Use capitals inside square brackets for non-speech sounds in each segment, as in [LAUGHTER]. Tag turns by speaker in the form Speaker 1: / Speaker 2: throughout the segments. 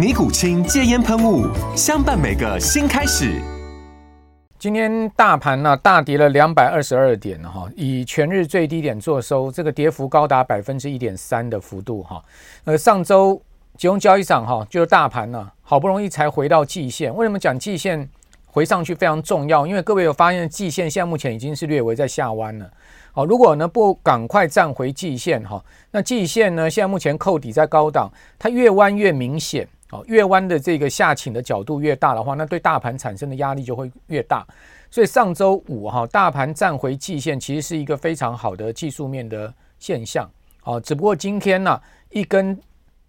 Speaker 1: 尼古清戒菸噴霧，相伴每個新開始。今天大盤呢、啊、大跌了兩百二十二點哈，以全日最低點做收，這個跌幅高達百分之一點三的幅度哈。呃，上週集中交易場哈，就是大盤呢、啊、好不容易才回到季線，為什麼講季線回上去非常重要？因為各位有發現，季線現在目前已經是略微在下彎了。好，如果呢不趕快站回季線哈，那季線呢現在目前扣底在高檔，它越彎越明顯。越、哦、彎的這個下傾的角度越大的話，那對大盤產生的壓力就會越大。所以上周五哈、哦，大盤站回季線，其實是一個非常好的技術面的現象。啊、哦，只不過今天呢、啊，一根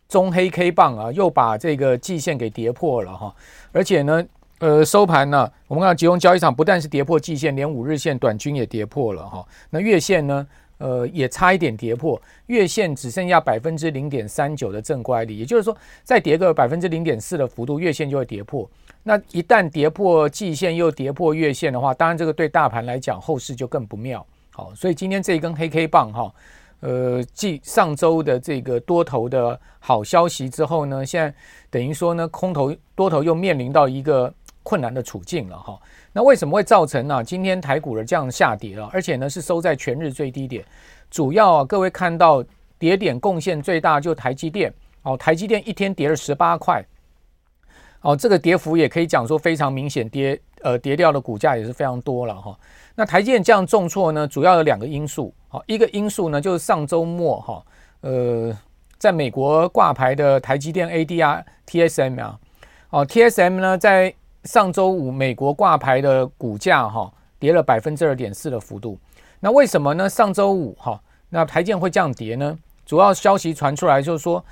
Speaker 1: 中黑 K 棒啊，又把這個季線給跌破了哈、哦。而且呢，呃，收盤呢、啊，我們看到集中交易場不但是跌破季線，連五日線短均也跌破了哈、哦。那月線呢？呃，也差一點跌破月線，只剩下百分之零點三九的正乖離，也就是說，再跌個百分之零點四的幅度，月線就會跌破。那一旦跌破季線又跌破月線的話，當然這個對大盤來講，後市就更不妙。好，所以今天這一根黑 K 棒哈，啊，呃，繼上周的這個多頭的好消息之後呢，現在等於說呢，空頭多頭又面臨到一個。困難的處境了哈。那為什麼會造成呢、啊？今天台股的這樣下跌了，而且呢是收在全日最低點。主要、啊、各位看到跌點貢獻最大就是台積電哦、啊，台積電一天跌了十八塊，哦，這個跌幅也可以講說非常明顯，跌呃跌掉的股價也是非常多了哈。那台積電這樣重挫呢，主要有兩個因素。啊，一個因素呢就是上週末哈、啊，呃，在美國掛牌的台積電 ADR TSM 啊、啊，哦，TSM 呢在上週五，美國掛牌的股價哈跌了百分之二點四的幅度。那為什麼呢？上週五哈，那台積電會這樣跌呢？主要消息傳出來就是說，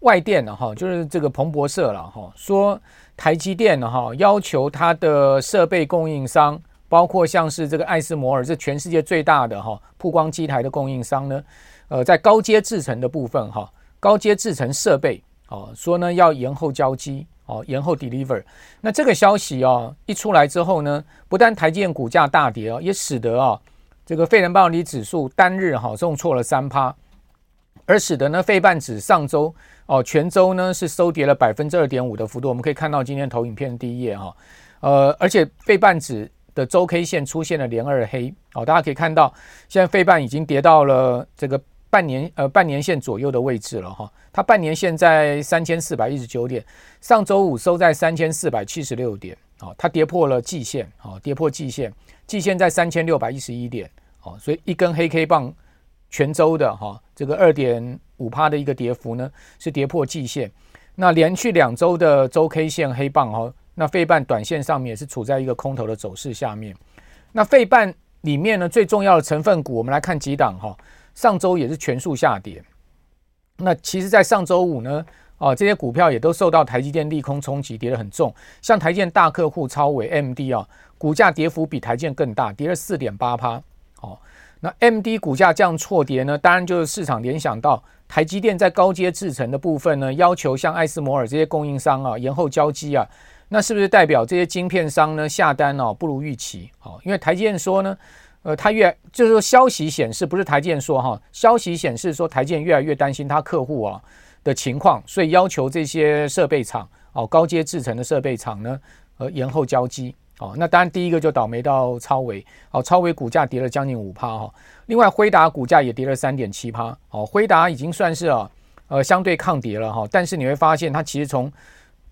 Speaker 1: 外電哈，就是這個彭博社了哈，說台積電哈，要求它的設備供應商，包括像是這個艾斯摩爾，這全世界最大的哈曝光機臺的供應商呢，呃，在高階製程的部分哈，高階製程設備哦，說呢要延後交機。哦，延後 deliver，那這個消息哦，一出來之後呢，不但台積電股價大跌哦，也使得哦，這個費城半導體指數單日哈重挫了三趴，而使得呢費半指上周哦全周呢是收跌了百分之二點五的幅度。我們可以看到今天投影片的第一頁哈、哦，呃，而且費半指的周 K 線出現了連二黑哦，大家可以看到現在費半已經跌到了這個。半年呃半年線左右的位置了哈，它半年線在三千四百一十九點，上周五收在三千四百七十六點，它跌破了季線，跌破季線，季線在三千六百一十一點，所以一根黑 K 棒，全周的哈，這個二點五趴的一個跌幅呢，是跌破季線，那連續兩周的周 K 線黑棒，那費半短線上面是處在一個空頭的走勢下面，那費半裡面呢最重要的成分股，我們來看幾檔哈。上週也是全數下跌。那其實，在上週五呢，啊、哦，這些股票也都受到台積電利空衝擊，跌得很重。像台積電大客戶超微 AMD 啊、哦，股價跌幅比台積電更大，跌了四點八趴。哦，那 MD 股價這樣挫跌呢，當然就是市場聯想到台積電在高階製程的部分呢，要求像艾斯摩爾這些供應商啊、哦，延後交機啊，那是不是代表這些晶片商呢下單哦不如預期？哦，因為台積電說呢。呃，他越就是說，消息顯示不是台積說哈，消息顯示說台積越來越擔心他客戶啊的情況，所以要求這些設備廠哦，高階製程的設備廠呢，呃，延後交機哦。那當然，第一個就倒霉到超微哦，超微股價跌了將近五趴哈。另外，輝達股價也跌了三點七趴哦，輝達已經算是啊、哦，呃，相對抗跌了哈、哦。但是你會發現，它其實從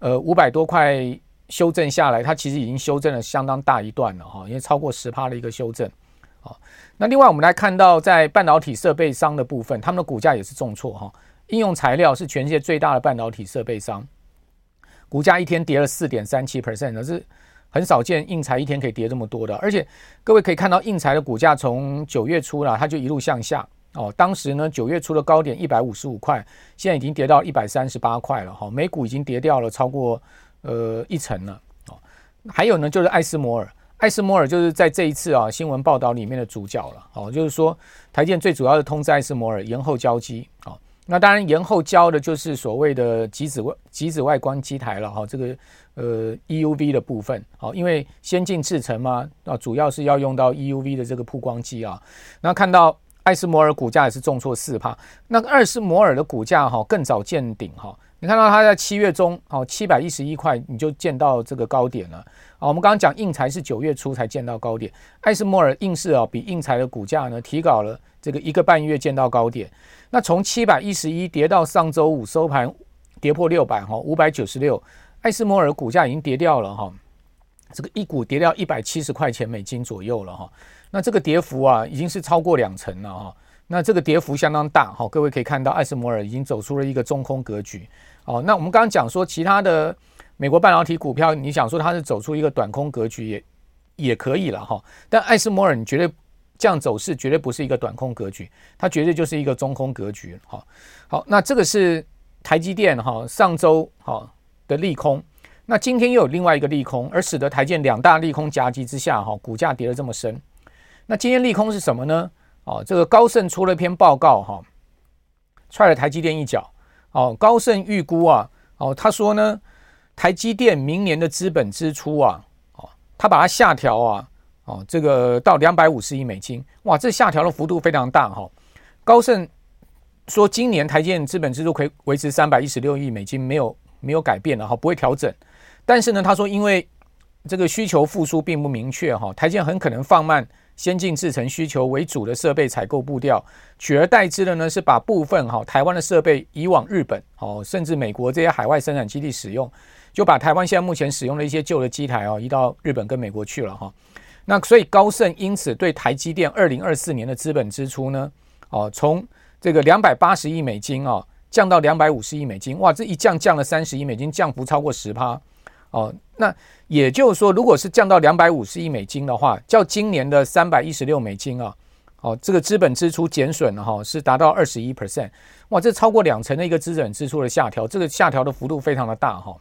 Speaker 1: 呃五百多塊修正下來，它其實已經修正了相當大一段了哈、哦，因為超過十趴的一個修正。哦、那另外，我們來看到在半導體設備商的部分，他們的股價也是重挫哈、哦。應用材料是全世界最大的半導體設備商，股價一天跌了四點三七 percent，是很少見，應材一天可以跌這麼多的。而且各位可以看到，應材的股價從九月初了、啊，它就一路向下哦。當時呢，九月初的高點一百五十五塊，現在已經跌到一百三十八塊了哈、哦，每股已經跌掉了超過呃一成了。哦，還有呢，就是艾斯摩爾。艾斯摩爾就是在這一次啊新聞報道裡面的主角了，哦，就是說台積最主要是通知艾斯摩爾延後交機，哦，那當然延後交的就是所謂的極紫外極紫外光機台了，哈、哦，這個呃 EUV 的部分，哦，因為先進製程嘛，啊，主要是要用到 EUV 的這個曝光機啊，那看到艾斯摩爾股價也是重挫四趴，那個艾斯摩爾的股價哈、哦、更早見頂哈、哦，你看到它在七月中，哦，七百一十一塊你就見到這個高點了。啊，我們剛剛講應材是九月初才見到高點，艾斯摩爾硬是啊、哦，比應材的股價呢提高了這個一個半月見到高點。那從七百一十一跌到上周五收盤，跌破六百哈，五百九十六，艾斯摩爾股價已經跌掉了哈、哦，這個一股跌掉一百七十塊錢美金左右了哈、哦。那這個跌幅啊已經是超過兩成了哈、哦，那這個跌幅相當大哈、哦。各位可以看到，艾斯摩爾已經走出了一個中空格局。哦，那我們剛剛講說其他的。美國半導體股票，你想說它是走出一個短空格局也也可以了哈，但艾斯摩爾你絕對，這樣走勢絕對不是一個短空格局，它絕對就是一個中空格局哈。好，好，那這個是台積電哈，上周哈的利空，那今天又有另外一個利空，而使得台積電兩大利空夾擊之下哈，股價跌了這麼深。那今天利空是什麼呢？哦，這個高盛出了一篇報告哈，踹了台積電一腳哦。高盛預估啊哦，他說呢。台積電明年的資本支出啊，哦，他把它下調啊，哦，這個到兩百五十億美金，哇，這下調的幅度非常大哈、哦。高盛說，今年台積電資本支出可以維持三百一十六億美金，沒有沒有改變的哈、哦，不會調整。但是呢，他說因為這個需求復甦並不明確哈、哦，台積電很可能放慢先進製程需求為主的設備採購步調，取而代之的呢，是把部分哈台灣的設備移往日本哦，甚至美國這些海外生產基地使用，就把台灣現在目前使用的一些舊的機台哦移到日本跟美國去了哈。那所以高盛因此對台積電二零二四年的資本支出呢哦，從這個兩百八十億美金哦降到兩百五十億美金，哇，這一降降了三十億美金，降幅超過十趴哦。那也就是說，如果是降到兩百五十億美金的話，較今年的三百一十六美金啊，哦，這個資本支出減損了哈、哦，是達到二十一 percent，哇，這超過兩成的一個資本支出的下調，這個下調的幅度非常的大哈、哦。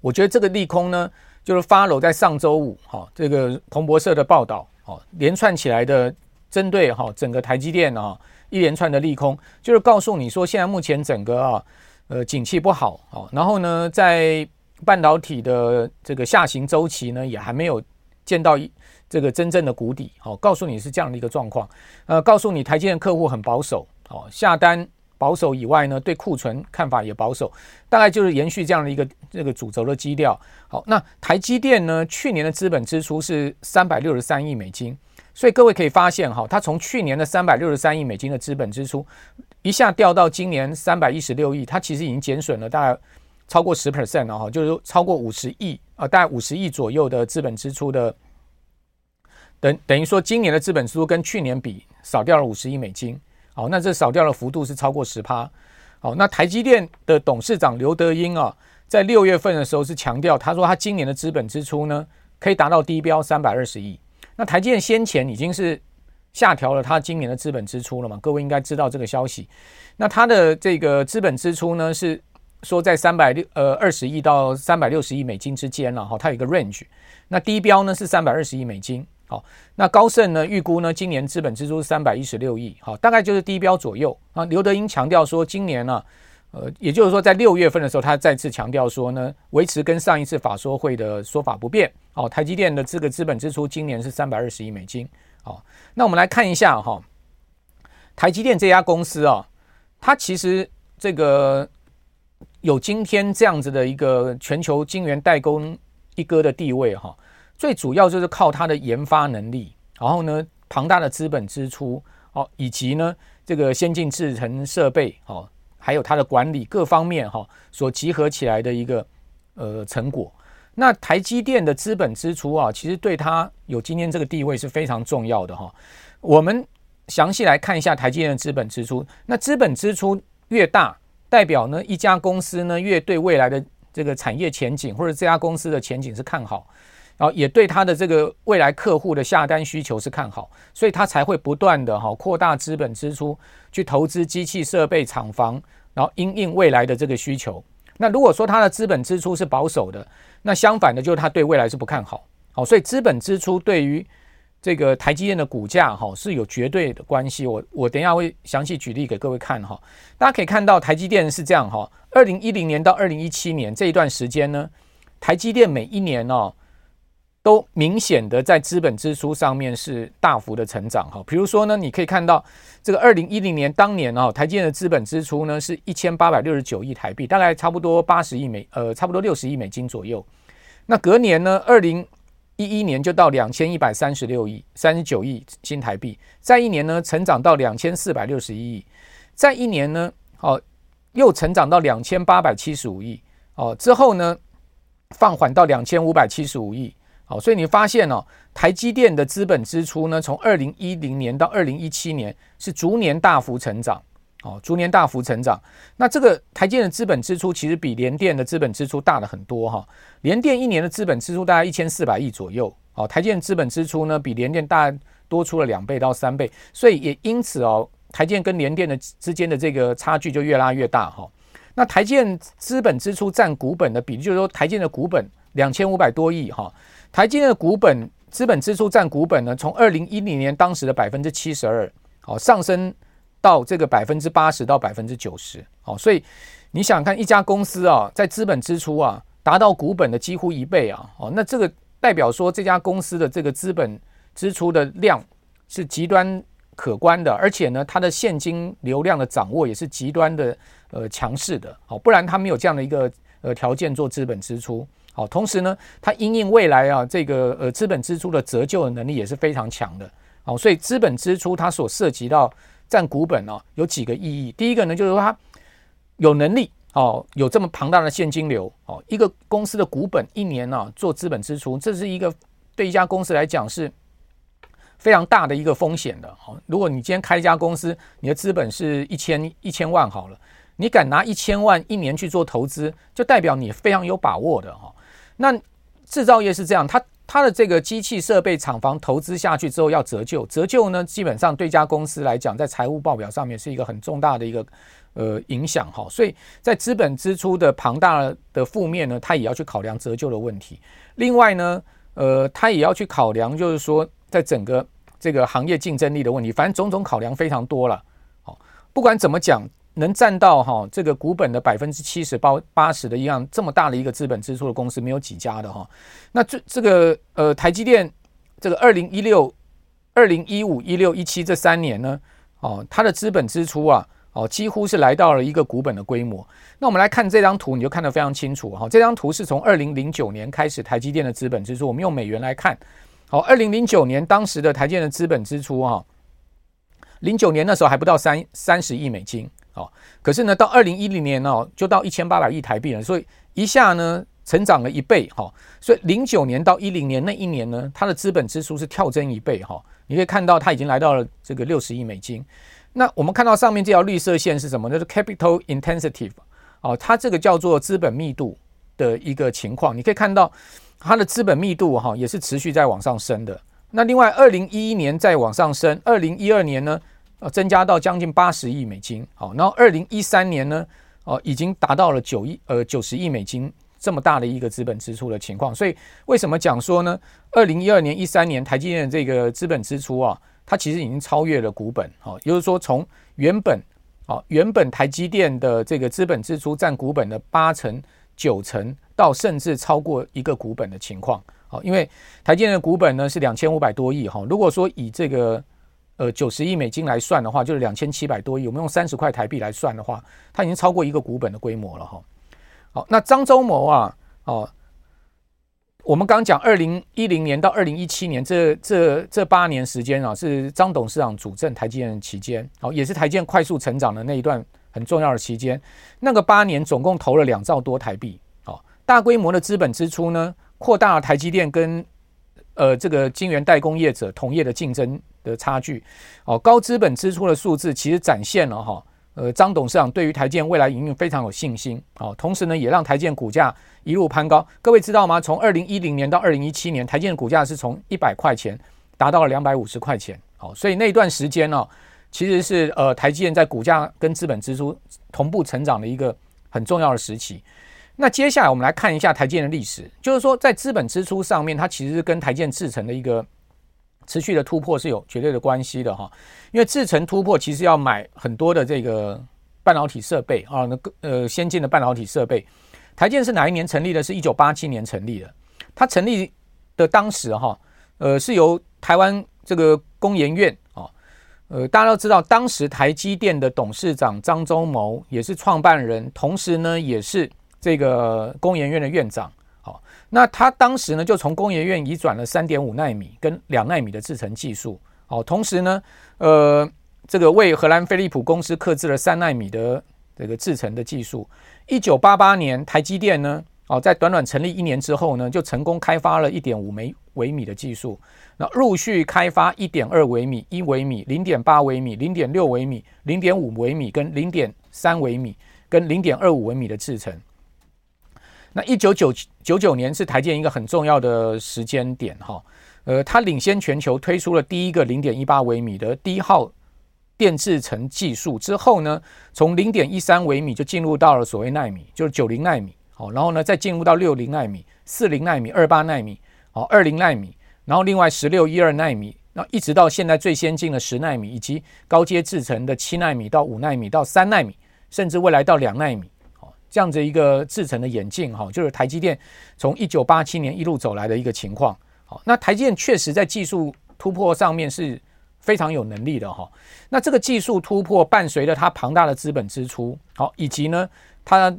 Speaker 1: 我覺得這個利空呢，就是 follow 在上周五，好、哦，這個彭博社的報道，好、哦，連串起來的針對哈、哦、整個台積電啊、哦，一連串的利空，就是告訴你說，現在目前整個啊，呃，景氣不好，好、哦，然後呢，在半導體的這個下行週期呢，也還沒有見到一這個真正的谷底。好，告訴你是這樣的一個狀況。呃，告訴你台積電客戶很保守，哦，下單保守以外呢，對庫存看法也保守，大概就是延續這樣的一個這個主軸的基調。好，那台積電呢，去年的資本支出是三百六十三億美金，所以各位可以發現，哈，它從去年的三百六十三億美金的資本支出，一下掉到今年三百一十六億，它其實已經減損了大概。超過十 percent 了，哈，啊、就是說超過五十億啊，大概五十億左右的資本支出的，等等於說今年的資本支出跟去年比少掉了五十億美金，好，那這少掉的幅度是超過十趴，好，那台積電的董事長劉德音啊，在六月份的時候是強調，他說他今年的資本支出呢可以達到低標三百二十億，那台積電先前已經是下調了他今年的資本支出了嘛，各位應該知道這個消息，那他的這個資本支出呢是。說在三百六呃二十億到三百六十億美金之間了、啊、哈，它有一個 range。那低標呢是三百二十億美金，好、哦，那高盛呢預估呢今年資本支出是三百一十六億，好、哦，大概就是低標左右。那、啊、劉德音強調說，今年呢、啊，呃，也就是說在六月份的時候，他再次強調說呢，維持跟上一次法說會的說法不變。好、哦，台積電的這個資本支出今年是三百二十億美金，好、哦，那我們來看一下哈、哦，台積電這家公司啊，它其實這個。有今天這樣子的一個全球晶圓代工一哥的地位哈、啊，最主要就是靠它的研發能力，然後呢龐大的資本支出哦、啊，以及呢這個先進製程設備哦、啊，還有它的管理各方面哈、啊，所集合起來的一個呃成果。那台積電的資本支出啊，其實對它有今天這個地位是非常重要的哈、啊。我們詳細來看一下台積電的資本支出，那資本支出越大。代表呢，一家公司呢，越對未來的這個產業前景或者這家公司的前景是看好，然後也對他的這個未來客戶的下單需求是看好，所以他才會不斷的哈擴大資本支出，去投資機器設備、廠房，然後因應未來的這個需求。那如果說他的資本支出是保守的，那相反的，就是他對未來是不看好。好，所以資本支出對於這個台積電的股價哈是有絕對的關係，我我等一下會詳細舉例給各位看哈。大家可以看到台積電是這樣哈，二零一零年到二零一七年這一段時間呢，台積電每一年哦都明顯的在資本支出上面是大幅的成長哈。比如說呢，你可以看到這個二零一零年當年哦，台積電的資本支出呢是一千八百六十九億台幣，大概差不多八十億美呃差不多六十億美金左右。那隔年呢，二零一一年就到兩千一百三十六億，三十九億新台幣，再一年呢成長到兩千四百六十一億，再一年呢，哦，又成長到兩千八百七十五億，哦，之後呢放緩到兩千五百七十五億，哦，所以你發現哦，台積電的資本支出呢，從二零一零年到二零一七年是逐年大幅成長。哦，逐年大幅成長。那這個台積的資本支出其實比聯電的資本支出大了很多哈。聯電一年的資本支出大概一千四百億左右。哦，台積資本支出呢比聯電大多出了兩倍到三倍，所以也因此哦，台積跟聯電的之間的這個差距就越拉越大哈、哦。那台積資本支出佔股本的比例，就是說台積的股本兩千五百多億哈、哦，台積的股本資本支出佔股本呢，從二零一零年當時的百分之七十二，哦上升。到這個百分之八十到百分之九十，哦，所以你想想看一家公司啊，在資本支出啊達到股本的幾乎一倍啊，哦，那這個代表說這家公司的這個資本支出的量是極端可觀的，而且呢，它的現金流量的掌握也是極端的呃強勢的，哦，不然它沒有這樣的一個呃條件做資本支出，好，同時呢，它因應未來啊這個呃資本支出的折舊的能力也是非常強的，好，所以資本支出它所涉及到。佔股本哦、啊，有幾個意義。第一個呢，就是說它有能力哦，有這麼龐大的現金流哦。一個公司的股本一年呢、啊、做資本支出，這是一個對一家公司來講是非常大的一個風險的、哦。如果你今天開一家公司，你的資本是一千一千萬好了，你敢拿一千萬一年去做投資，就代表你非常有把握的哈、哦。那製造業是這樣，它。他的這個機器設備廠房投資下去之後要折舊，折舊呢基本上對一家公司來講，在財務報表上面是一個很重大的一個呃影響哈、哦，所以在資本支出的龐大的負面呢，他也要去考量折舊的問題。另外呢，呃，他也要去考量，就是說在整個這個行業競爭力的問題，反正種種考量非常多了。好、哦，不管怎麼講。能占到哈這個股本的百分之七十、八八十的，一樣這麼大的一個資本支出的公司沒有幾家的哈。那這這個呃台積電這個二零一六、二零一五、一六一七這三年呢，哦，它的資本支出啊，哦，幾乎是來到了一個股本的規模。那我們來看這張圖，你就看得非常清楚哈。這張圖是從二零零九年開始台積電的資本支出，我們用美元來看。好，二零零九年當時的台積電的資本支出哈，零九年那時候還不到三三十億美金。哦，可是呢，到二零一零年哦，就到一千八百億台幣了，所以一下呢，成長了一倍，哈、哦。所以零九年到一零年那一年呢，它的資本支出是跳增一倍，哈、哦。你可以看到，它已經來到了這個六十億美金。那我們看到上面這條綠色線是什麼呢？就是 capital intensity，哦，它這個叫做資本密度的一個情況。你可以看到，它的資本密度哈、哦、也是持續在往上升的。那另外，二零一一年再往上升，二零一二年呢？增加到將近八十億美金，好，然後二零一三年呢，哦，已經達到了九億呃九十億美金這麼大的一個資本支出的情況，所以為什麼講說呢？二零一二年、一三年台積電的這個資本支出啊，它其實已經超越了股本，好，也就是說，從原本啊原本台積電的這個資本支出佔股本的八成、九成，到甚至超過一個股本的情況，好，因為台積電的股本呢是兩千五百多億哈，如果說以這個。呃，九十億美金來算的話，就是兩千七百多億。我們用三十塊台幣來算的話，它已經超過一個股本的規模了哈、哦。好、哦，那張忠謀啊，哦，我們剛講二零一零年到二零一七年這這這八年時間啊，是張董事長主政台積電的期間，好、哦，也是台積電快速成長的那一段很重要的期間。那個八年總共投了兩兆多台幣，哦，大規模的資本支出呢，擴大了台積電跟。呃，這個晶圓代工業者同業的競爭的差距，哦，高資本支出的數字其實展現了哈、哦，呃，張董事長對於台積未來營運非常有信心哦，同時呢，也讓台積股價一路攀高。各位知道嗎？從二零一零年到二零一七年，台積的股價是從一百塊錢達到了兩百五十塊錢，哦，所以那一段時間呢，其實是呃台積電在股價跟資本支出同步成長的一個很重要的時期。那接下來我們來看一下台積的歷史，就是說在資本支出上面，它其實是跟台積製程的一個持續的突破是有絕對的關係的哈。因為製程突破其實要買很多的這個半導體設備啊，那個呃先進的半導體設備。台積是哪一年成立的？是一九八七年成立的。它成立的當時哈，呃，是由台灣這個工研院啊，呃，大家都知道，當時台積電的董事長張忠謀也是創辦人，同時呢也是。這個工研院的院長，哦，那他當時呢，就從工研院移轉了三點五納米跟兩納米的制程技術，哦，同時呢，呃，這個為荷蘭飛利浦公司刻制了三納米的這個制程的技術。一九八八年，台積電呢，哦，在短短成立一年之後呢，就成功開發了一點五微微米的技術，那陸續開發一點二微米、一微米、零點八微米、零點六微米、零點五微米跟零點三微米跟零點二五微米的制程。那一九九九九年，是台積電一個很重要的時間點哈、哦，呃，它領先全球推出了第一個零點一八微米的低耗電製程技術之後呢，從零點一三微米就進入到了所謂奈米，就是九零奈米，好，然後呢再進入到六零奈米、四零奈米、二八奈米，好，二零奈米，然後另外十六、一二奈米，那一直到現在最先進的十奈米，以及高階製程的七奈米到五奈米到三奈米，甚至未來到兩奈米。這樣子一個製程的演進，哈，就是台積電從一九八七年一路走來的一個情況。好，那台積電確實在技術突破上面是非常有能力的，哈。那這個技術突破伴隨着它龐大的資本支出，好，以及呢它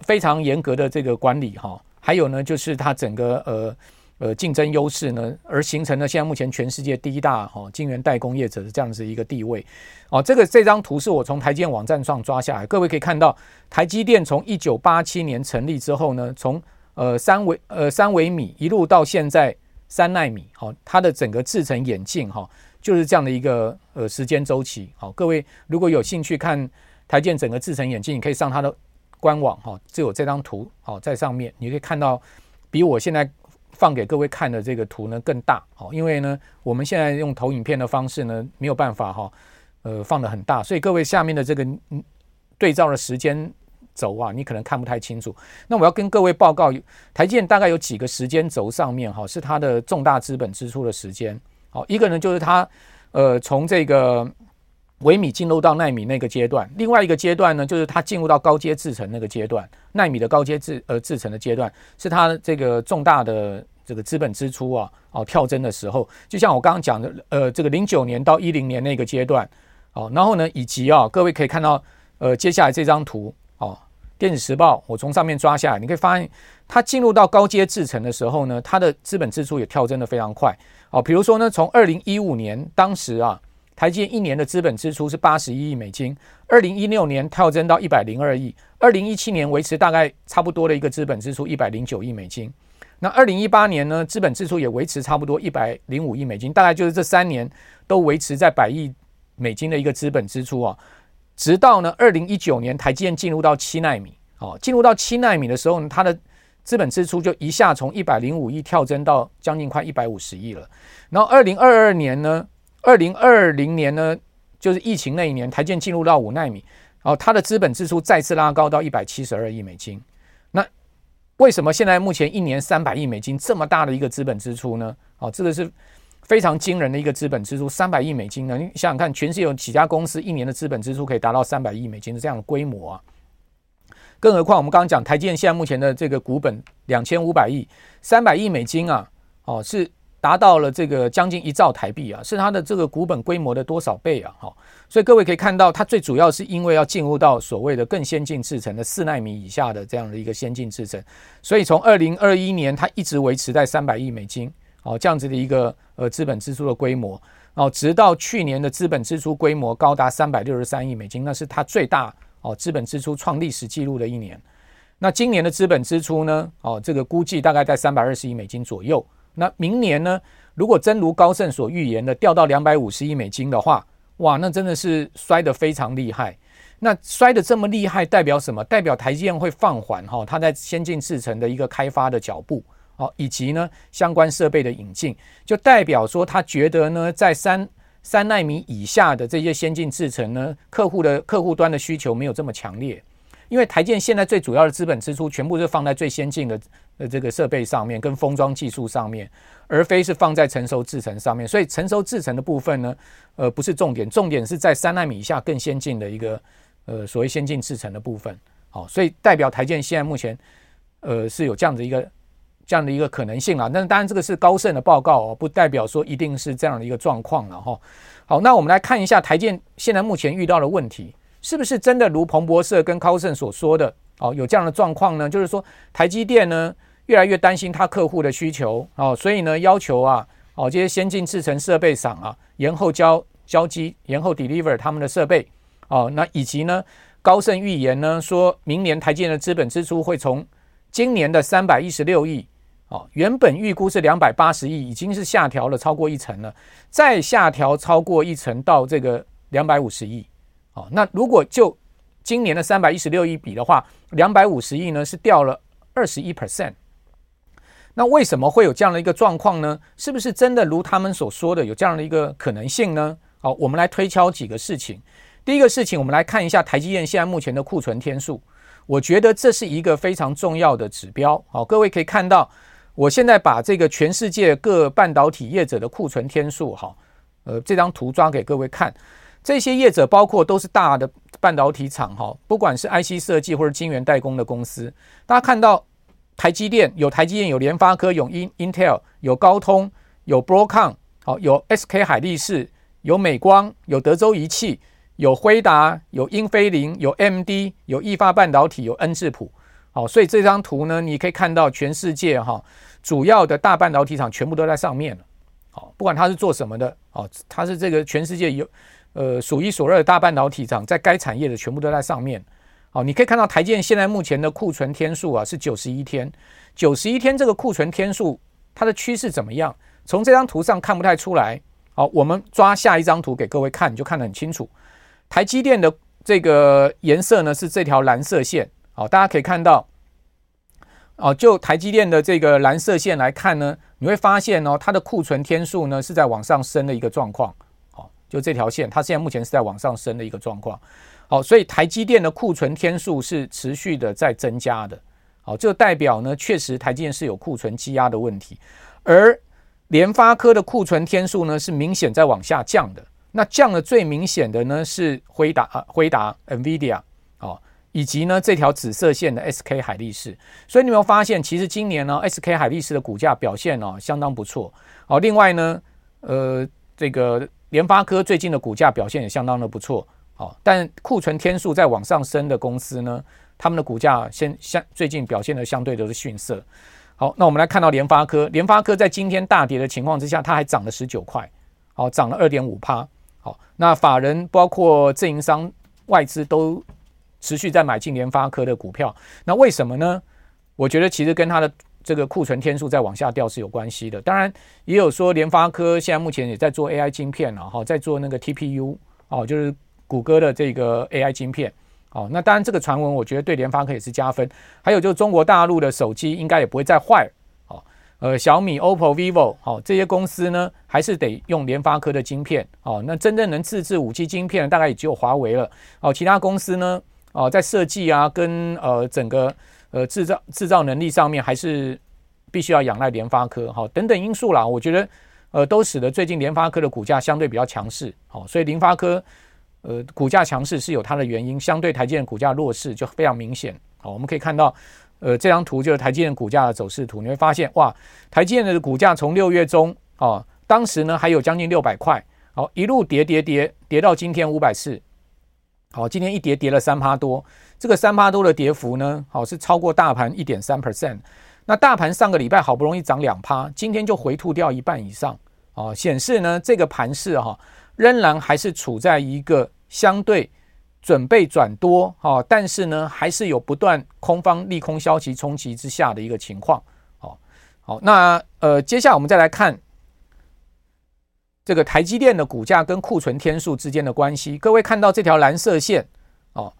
Speaker 1: 非常嚴格的這個管理，哈，還有呢就是它整個呃。呃，競爭優勢呢，而形成了現在目前全世界第一大哈、哦、晶圓代工業者這樣子一個地位，哦，這個這張圖是我從台積電網站上抓下來，各位可以看到，台積電從一九八七年成立之後呢，從呃三微呃三微米一路到現在三奈米，哦，它的整個製程演進哈，就是這樣的一個呃時間週期。好，各位如果有興趣看台積整個製程演進，你可以上它的官網哈、哦，只有這張圖哦，在上面你可以看到比我現在。放給各位看的這個圖呢更大哦，因為呢我們現在用投影片的方式呢沒有辦法哈、哦，呃放得很大，所以各位下面的這個對照的時間軸啊，你可能看不太清楚。那我要跟各位報告，台積電大概有幾個時間軸上面哈、哦、是它的重大資本支出的時間，好，一個呢就是它呃從這個。微米進入到奈米那個階段，另外一個階段呢，就是它進入到高階製程那個階段。奈米的高階製呃製程的階段，是它這個重大的這個資本支出啊哦、啊、跳增的時候。就像我剛剛講的，呃，這個零九年到一零年那個階段哦、啊，然後呢，以及啊，各位可以看到，呃，接下來這張圖哦、啊，電子時報我從上面抓下來，你可以發現它進入到高階製程的時候呢，它的資本支出也跳增得非常快哦、啊。比如說呢，從二零一五年當時啊。台積電一年的資本支出是八十一億美金，二零一六年跳增到一百零二億，二零一七年維持大概差不多的一個資本支出一百零九億美金，那二零一八年呢，資本支出也維持差不多一百零五億美金，大概就是這三年都維持在百億美金的一個資本支出啊，直到呢二零一九年台積電進入到七納米哦，進入到七納米的時候呢，它的資本支出就一下從一百零五億跳增到將近快一百五十億了，然後二零二二年呢。二零二零年呢，就是疫情那一年，台積電進入到五奈米，哦，它的資本支出再次拉高到一百七十二億美金。那為什麼現在目前一年三百億美金這麼大的一個資本支出呢？哦，這個是非常驚人的一個資本支出，三百億美金呢？你想想看，全世界有幾家公司一年的資本支出可以達到三百億美金的這樣的規模啊？更何況我們剛剛講台積電，現在目前的這個股本兩千五百億，三百億美金啊，哦，是。達到了這個將近一兆台幣啊，是它的這個股本規模的多少倍啊？好，所以各位可以看到，它最主要是因為要進入到所謂的更先進製程的四奈米以下的這樣的一個先進製程，所以從二零二一年它一直維持在三百億美金哦這樣子的一個呃資本支出的規模，哦，直到去年的資本支出規模高達三百六十三億美金，那是它最大哦資本支出創歷史紀錄的一年。那今年的資本支出呢？哦，這個估計大概在三百二十億美金左右。那明年呢？如果真如高盛所預言的，掉到兩百五十億美金的話，哇，那真的是摔得非常厲害。那摔得這麼厲害，代表什麼？代表台積電會放緩哈、哦，它在先進製程的一個開發的腳步，哦，以及呢相關設備的引進，就代表說他覺得呢，在三三奈米以下的這些先進製程呢，客戶的客戶端的需求沒有這麼強烈。因為台積現在最主要的資本支出全部是放在最先進的呃這個設備上面跟封裝技術上面，而非是放在成熟製程上面，所以成熟製程的部分呢，呃不是重點，重點是在三納米以下更先進的一個呃所謂先進製程的部分。好，所以代表台積現在目前呃是有這樣的一個這樣的一個可能性啊。但是當然這個是高盛的報告哦，不代表說一定是這樣的一個狀況了哈。好，那我們來看一下台積現在目前遇到的問題。是不是真的如彭博社跟高盛所說的哦有這樣的狀況呢？就是說台積電呢越來越擔心它客戶的需求哦，所以呢要求啊哦這些先進製程設備廠啊延後交交機延後 deliver 他們的設備哦，那以及呢高盛預言呢說明年台積電的資本支出會從今年的三百一十六億哦原本預估是兩百八十億已經是下調了超過一成了，再下調超過一成到這個兩百五十億。那如果就今年的三百一十六億比的話，兩百五十億呢是掉了二十一 percent。那為什麼會有這樣的一個狀況呢？是不是真的如他們所說的有這樣的一個可能性呢？好，我們來推敲幾個事情。第一個事情，我們來看一下台積電現在目前的庫存天數。我覺得這是一個非常重要的指標。好，各位可以看到，我現在把這個全世界各半導體業者的庫存天數，哈，呃，這張圖抓給各位看。這些業者包括都是大的半導體廠，哈，不管是 IC 設計或者晶圓代工的公司。大家看到台積電有台積電，有聯發科，有 In Intel，有高通，有 Broadcom，好，有 SK 海力士，有美光，有德州儀器，有輝達，有英飛凌，有 MD，有意法半導體，有恩智浦。好，所以這張圖呢，你可以看到全世界哈主要的大半導體廠全部都在上面了。好，不管它是做什麼的，哦，它是這個全世界有。呃，數一數二的大半導體廠，在該產業的全部都在上面。好，哦，你可以看到台積電現在目前的庫存天數啊，是九十一天。九十一天這個庫存天數，它的趨勢怎麼樣？從這張圖上看不太出來。好，哦，我們抓下一張圖給各位看，你就看得很清楚。台積電的這個顏色呢，是這條藍色線。好，哦，大家可以看到，哦，就台積電的這個藍色線來看呢，你會發現哦，它的庫存天數呢是在往上升的一個狀況。就這條線，它現在目前是在往上升的一個狀況。好，所以台積電的庫存天數是持續的在增加的。好，這代表呢，確實台積電是有庫存積壓的問題。而聯發科的庫存天數呢，是明顯在往下降的。那降的最明顯的呢，是輝達、輝達、NVIDIA，哦，以及呢這條紫色線的 SK 海力士。所以你有沒有發現，其實今年呢，喔，SK 海力士的股價表現哦，喔，相當不錯。好，另外呢，呃，這個。聯發科最近的股價表現也相當的不錯，好、哦，但庫存天數在往上升的公司呢，他們的股價先相最近表現的相對都是遜色。好、哦，那我們來看到聯發科，聯發科在今天大跌的情況之下，它還漲了十九塊，好、哦，漲了二點五趴。好、哦，那法人包括自營商外資都持續在買進聯發科的股票，那為什麼呢？我覺得其實跟它的這個庫存天數在往下掉是有關係的，當然也有說聯發科現在目前也在做 AI 晶片，然後在做那個 TPU 哦、啊，就是谷歌的這個 AI 晶片哦、啊。那當然這個傳聞我覺得對聯發科也是加分。還有就是中國大陸的手機應該也不會再壞哦、啊。呃，小米、OPPO、VIVO 哦、啊、這些公司呢還是得用聯發科的晶片哦、啊。那真正能自製五 G 晶片的大概也只有華為了哦、啊，其他公司呢哦、啊、在設計啊跟呃整個。呃，製造製造能力上面還是必須要仰賴聯發科好、哦、等等因素啦，我覺得呃，都使得最近聯發科的股價相對比較強勢，好、哦，所以聯發科呃股價強勢是有它的原因，相對台積電股價弱勢就非常明顯，好、哦，我們可以看到呃這張圖就是台積電股價的走勢圖，你會發現哇，台積電的股價從六月中哦，當時呢還有將近六百塊，好、哦、一路跌跌跌跌到今天五百四。好，今天一跌跌了三趴多，這個三趴多的跌幅呢，好是超過大盤一點三 percent。那大盤上個禮拜好不容易漲兩趴，今天就回吐掉一半以上，哦，顯示呢這個盤勢哈仍然還是處在一個相對準備轉多哈，但是呢還是有不斷空方利空消息衝擊之下的一個情況。哦，好，那呃，接下來我們再來看。這個台積電的股價跟庫存天數之間的關係，各位看到這條藍色線，哦，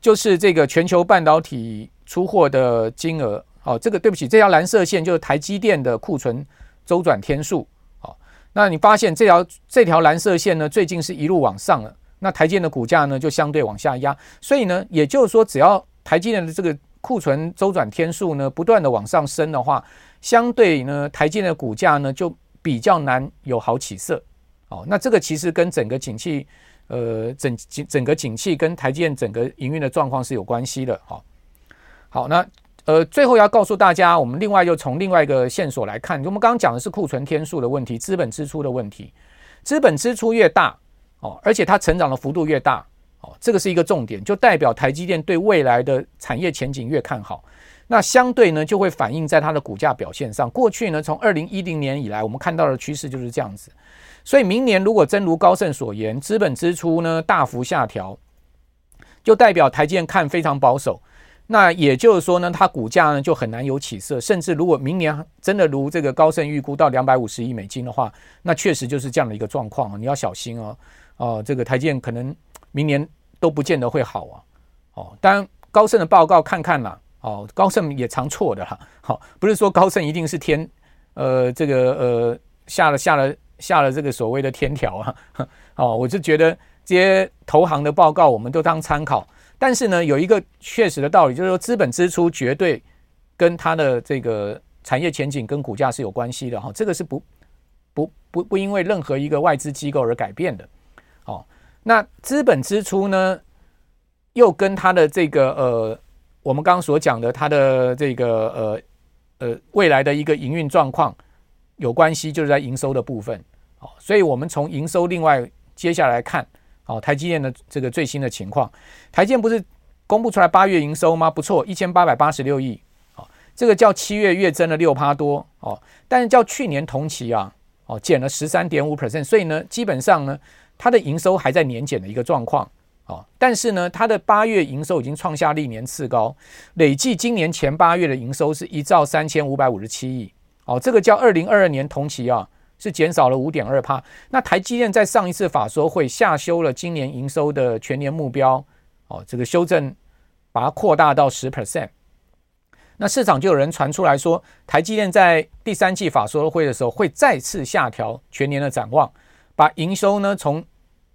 Speaker 1: 就是這個全球半導體出貨的金額，哦，這個對不起，這條藍色線就是台積電的庫存周轉天數，哦，那你發現這條這條藍色線呢，最近是一路往上了，那台積電的股價呢就相對往下壓，所以呢，也就是說，只要台積電的這個庫存周轉天數呢不斷的往上升的話，相對呢，台積電的股價呢就比較難有好起色。哦，那這個其實跟整個景氣，呃，整整整個景氣跟台積電整個營運的狀況是有關係的，哈、哦。好，那呃，最後要告訴大家，我們另外又從另外一個線索來看，就我們剛剛講的是庫存天數的問題、資本支出的問題。資本支出越大，哦，而且它成長的幅度越大，哦，這個是一個重點，就代表台積電對未來的產業前景越看好。那相對呢，就會反映在它的股價表現上。過去呢，從二零一零年以來，我們看到的趨勢就是這樣子。所以明年如果真如高盛所言，資本支出呢大幅下調，就代表台積看非常保守。那也就是說呢，它股價呢就很難有起色。甚至如果明年真的如這個高盛預估到兩百五十億美金的話，那確實就是這樣的一個狀況。你要小心哦，哦，這個台積可能明年都不見得會好啊。哦，當然高盛的報告看看啦。哦，高盛也常錯的哈。好，不是說高盛一定是天，呃，這個呃下了下了。下了這個所謂的天條啊， [LAUGHS] 哦，我就覺得這些投行的報告我們都當參考，但是呢，有一個確實的道理，就是說資本支出絕對跟它的這個產業前景跟股價是有關係的哈，哦，這個是不不不不因為任何一個外資機構而改變的，哦，那資本支出呢，又跟它的這個呃，我們剛剛所講的它的這個呃呃未來的一個營運狀況有關係，就是在營收的部分，所以我們從營收另外接下來看，台積電的這個最新的情況，台積電不是公布出來八月營收嗎？不錯，一千八百八十六億，哦，這個較七月月增了六趴多，哦，但是較去年同期啊，哦，減了十三點五 percent，所以呢，基本上呢，它的營收還在年減的一個狀況，但是呢，它的八月營收已經創下歷年次高，累計今年前八月的營收是一兆三千五百五十七億。哦，這個叫二零二二年同期啊，是減少了五點二趴。那台積電在上一次法說會下修了今年營收的全年目標，哦，這個修正把它擴大到十 percent。那市場就有人傳出來說，台積電在第三季法說會的時候會再次下調全年的展望，把營收呢從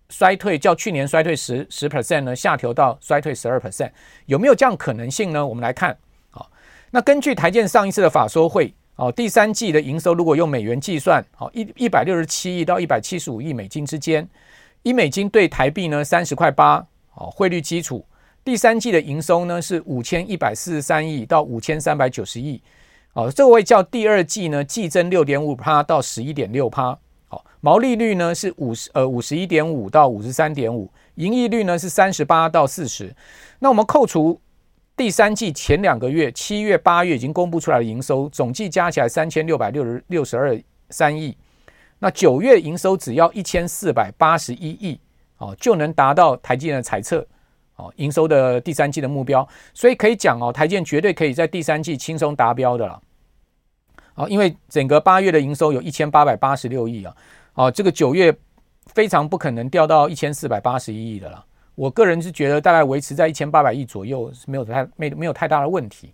Speaker 1: 衰退較去年衰退十十 percent 呢下調到衰退十二 percent，有沒有這樣可能性呢？我們來看，好，哦，那根據台積電上一次的法說會。哦，第三季的營收如果用美元計算，好一一百六十七億到一百七十五億美金之間，一美金對台幣呢三十塊八，塊 8, 哦匯率基礎，第三季的營收呢是五千一百四十三億到五千三百九十億，哦，這位叫第二季呢季增六點五趴到十一點六趴，哦毛利率呢是五十呃五十一點五到五十三點五，營利率呢是三十八到四十，那我們扣除。第三季前兩個月，七月、八月已經公布出來的營收總計加起來三千六百六十六十二三億，那九月營收只要一千四百八十一億哦、啊，就能達到台積電的財測哦、啊，營收的第三季的目標，所以可以講哦、啊，台積電絕對可以在第三季輕鬆達標的了哦、啊，因為整個八月的營收有一千八百八十六億啊，哦、啊，這個九月非常不可能掉到一千四百八十一億的了。我個人是覺得大概維持在一千八百億左右是沒有太沒沒有太大的問題，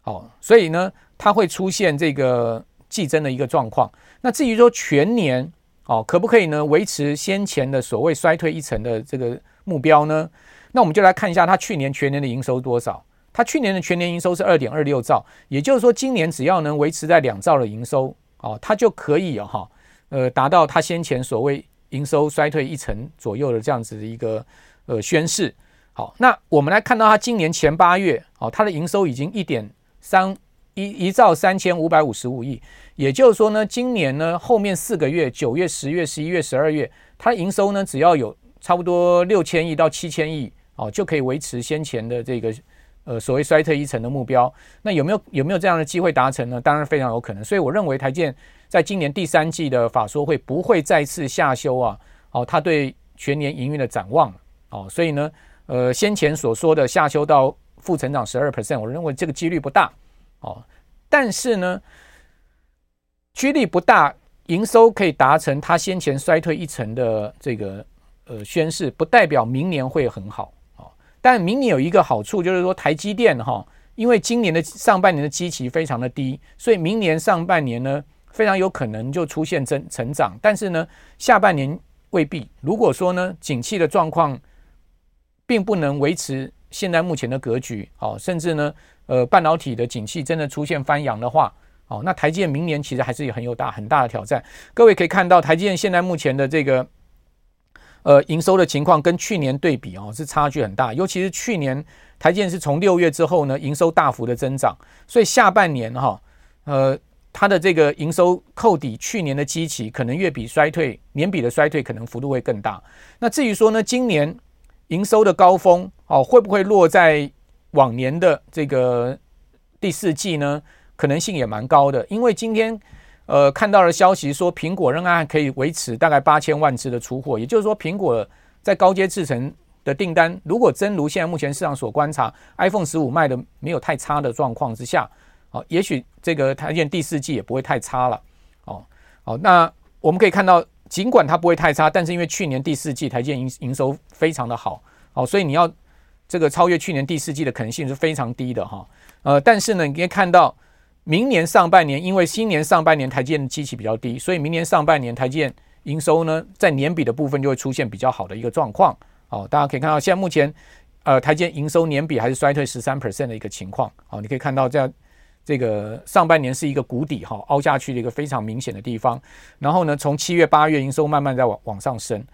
Speaker 1: 好，所以呢，它會出現這個季增的一個狀況。那至於說全年哦，可不可以呢維持先前的所謂衰退一成的這個目標呢？那我們就來看一下它去年全年的營收多少。它去年的全年營收是二點二六兆，也就是說今年只要能維持在兩兆的營收哦，它就可以哈、哦，呃，達到它先前所謂營收衰退一成左右的這樣子的一個。呃，宣誓，好，那我們來看到他今年前八月，哦，它的營收已經一點三一一兆三千五百五十五億，也就是說呢，今年呢後面四個月，九月、十月、十一月、十二月，它的營收呢只要有差不多六千億到七千億，哦，就可以維持先前的這個呃所謂衰退一成的目標。那有沒有有沒有這樣的機會達成呢？當然非常有可能。所以我認為台積在今年第三季的法說會不會再次下修啊？哦，他對全年營運的展望。哦，所以呢，呃，先前所說的下修到負成長十二 percent，我認為這個幾率不大。哦，但是呢，幾率不大，營收可以達成他先前衰退一成的這個呃宣示，不代表明年會很好。哦，但明年有一個好處就是說，台積電哈、哦，因為今年的上半年的基期非常的低，所以明年上半年呢，非常有可能就出現增成，成長，但是呢，下半年未必。如果說呢，景氣的狀況。並不能維持現在目前的格局哦，甚至呢，呃，半導體的景氣真的出現翻揚的話，哦，那台積電明年其實還是很有大很大的挑戰。各位可以看到，台積電現在目前的這個，呃，營收的情況跟去年對比哦，是差距很大。尤其是去年台積電是從六月之後呢，營收大幅的增長，所以下半年哈、哦，呃，它的這個營收扣抵去年的基期，可能月比衰退，年比的衰退可能幅度會更大。那至於說呢，今年。營收的高峰哦，會不會落在往年的這個第四季呢？可能性也蠻高的，因為今天呃看到了消息說蘋果仍然還可以維持大概八千萬支的出貨，也就是說蘋果在高階製程的訂單，如果真如現在目前市場所觀察，iPhone 十五賣的沒有太差的狀況之下，哦，也許這個台積第四季也不會太差了哦。好，哦，那我們可以看到。儘管它不會太差，但是因為去年第四季台積營營收非常的好，哦，所以你要這個超越去年第四季的可能性是非常低的哈、哦。呃，但是呢，你可以看到明年上半年，因為新年上半年台積的基期比較低，所以明年上半年台積營收呢，在年比的部分就會出現比較好的一個狀況。哦，大家可以看到，現在目前呃台積營收年比還是衰退十三 percent 的一個情況。哦，你可以看到這樣。這個上半年是一個谷底哈，凹下去的一個非常明顯的地方。然後呢，從七月、八月營收慢慢在往往上升。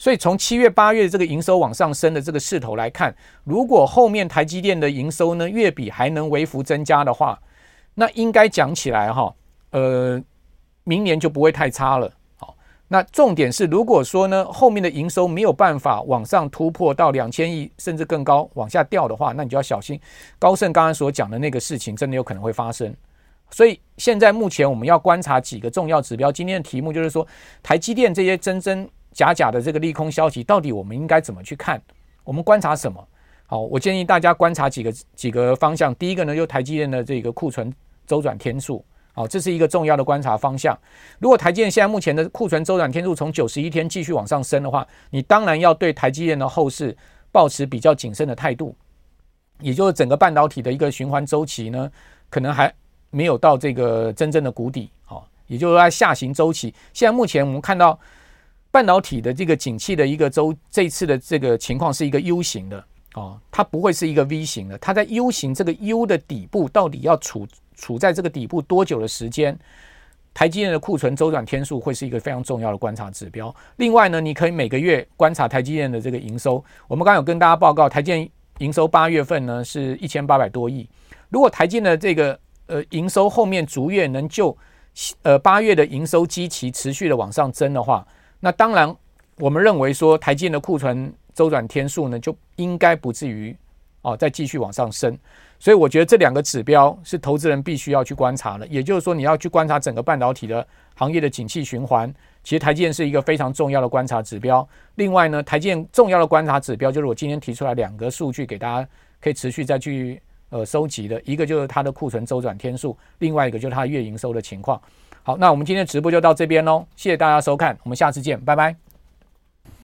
Speaker 1: 所以從七月、八月這個營收往上升的這個勢頭來看，如果後面台積電的營收呢，月比還能微幅增加的話，那應該講起來哈，呃，明年就不會太差了。那重點是，如果說呢，後面的營收沒有辦法往上突破到兩千億，甚至更高，往下掉的話，那你就要小心。高盛剛剛所講的那個事情，真的有可能會發生。所以現在目前我們要觀察幾個重要指標。今天的題目就是說，台積電這些真真假假的這個利空消息，到底我們應該怎麼去看？我們觀察什麼？好，我建議大家觀察幾個幾個方向。第一個呢，就台積電的這個庫存周轉天數。好，這是一個重要的觀察方向。如果台積電現在目前的庫存週轉天數從九十一天繼續往上升的話，你當然要對台積電的後市保持比較謹慎的態度。也就是整個半導體的一個循環周期呢，可能還沒有到這個真正的谷底。好，也就是說它下行周期。現在目前我們看到半導體的這個景氣的一個周，這次的這個情況是一個 U 型的，哦，它不會是一個 V 型的。它在 U 型這個 U 的底部到底要處？處在這個底部多久的時間，台積電的庫存周轉天數會是一個非常重要的觀察指標。另外呢，你可以每個月觀察台積電的這個營收。我們剛剛有跟大家報告，台積電營收八月份呢是一千八百多億。如果台積電的這個呃營收後面逐月能就呃八月的營收基期持續的往上增的話，那當然我們認為說台積電的庫存周轉天數呢就應該不至於哦再繼續往上升。所以我覺得這兩個指標是投資人必須要去觀察的，也就是說你要去觀察整個半導體的行業的景氣循環，其實台積電是一個非常重要的觀察指標。另外呢，台積電重要的觀察指標就是我今天提出來兩個數據給大家可以持續再去呃收集的，一個就是它的庫存周轉天數，另外一個就是它的月營收的情況。好，那我們今天直播就到這邊嘍，謝謝大家收看，我們下次見，拜拜。